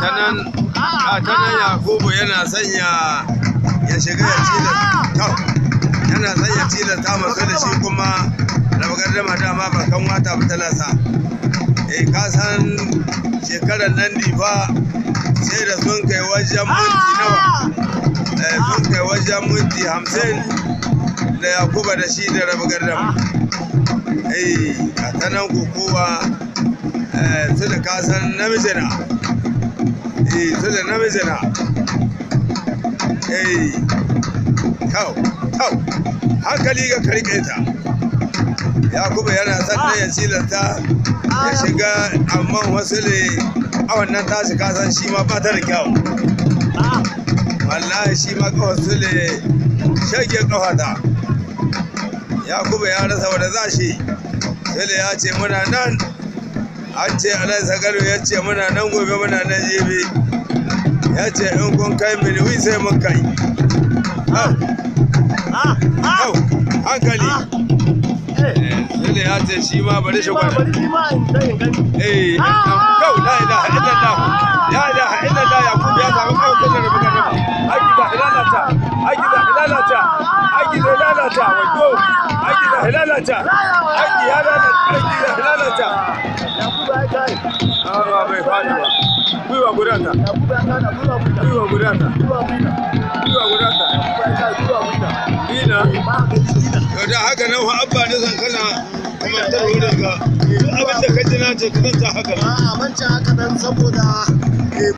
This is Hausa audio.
tanan yakubu yana sanya ya shiga ya cilata yana sanya cilata masu da shi kuma da rabagar da ma bakan wata ba talasa eh ka san shekarar nan ba sai da sun kai wajen minti nawa eh, sun kai wajen minti hamsin da yakuba da shi da rabagar da eh a tanan kukuwa su eh, da kasan namijina eh soja namiji na eh kau kau hankali ga karke ta yakubu yana son ya ah. silanta ya ah. shiga amma wasu ne a wannan tashi kasan shi ma ba ta da kyau ah. wallahi shi ma wasu ne kawata yakubu ya rasa wadda za shi sule ya ce muna nan an ce ana sagaru ya ce muna nan gobe muna nan jibi ya ce in kun kai mini miliwi sai mun kai hau hankali sule ah. eh, ya ce shi ma bari shi gwada eh ah, ah, kau la ilaha illallah ya ilaha illallah ya kuma ya samu kawai kusa da buga rabu aiki da ilalata aiki da ilalata aiki da ilalata wato aiki da ilalata aiki ya lalata aiki da fadi bai fadi ba gwiwa gudanta gwiwa haka nan fa abba ne zan kana kuma ta wurin ka abin da ka ji ce ka zanta haka nan a mancan haka nan saboda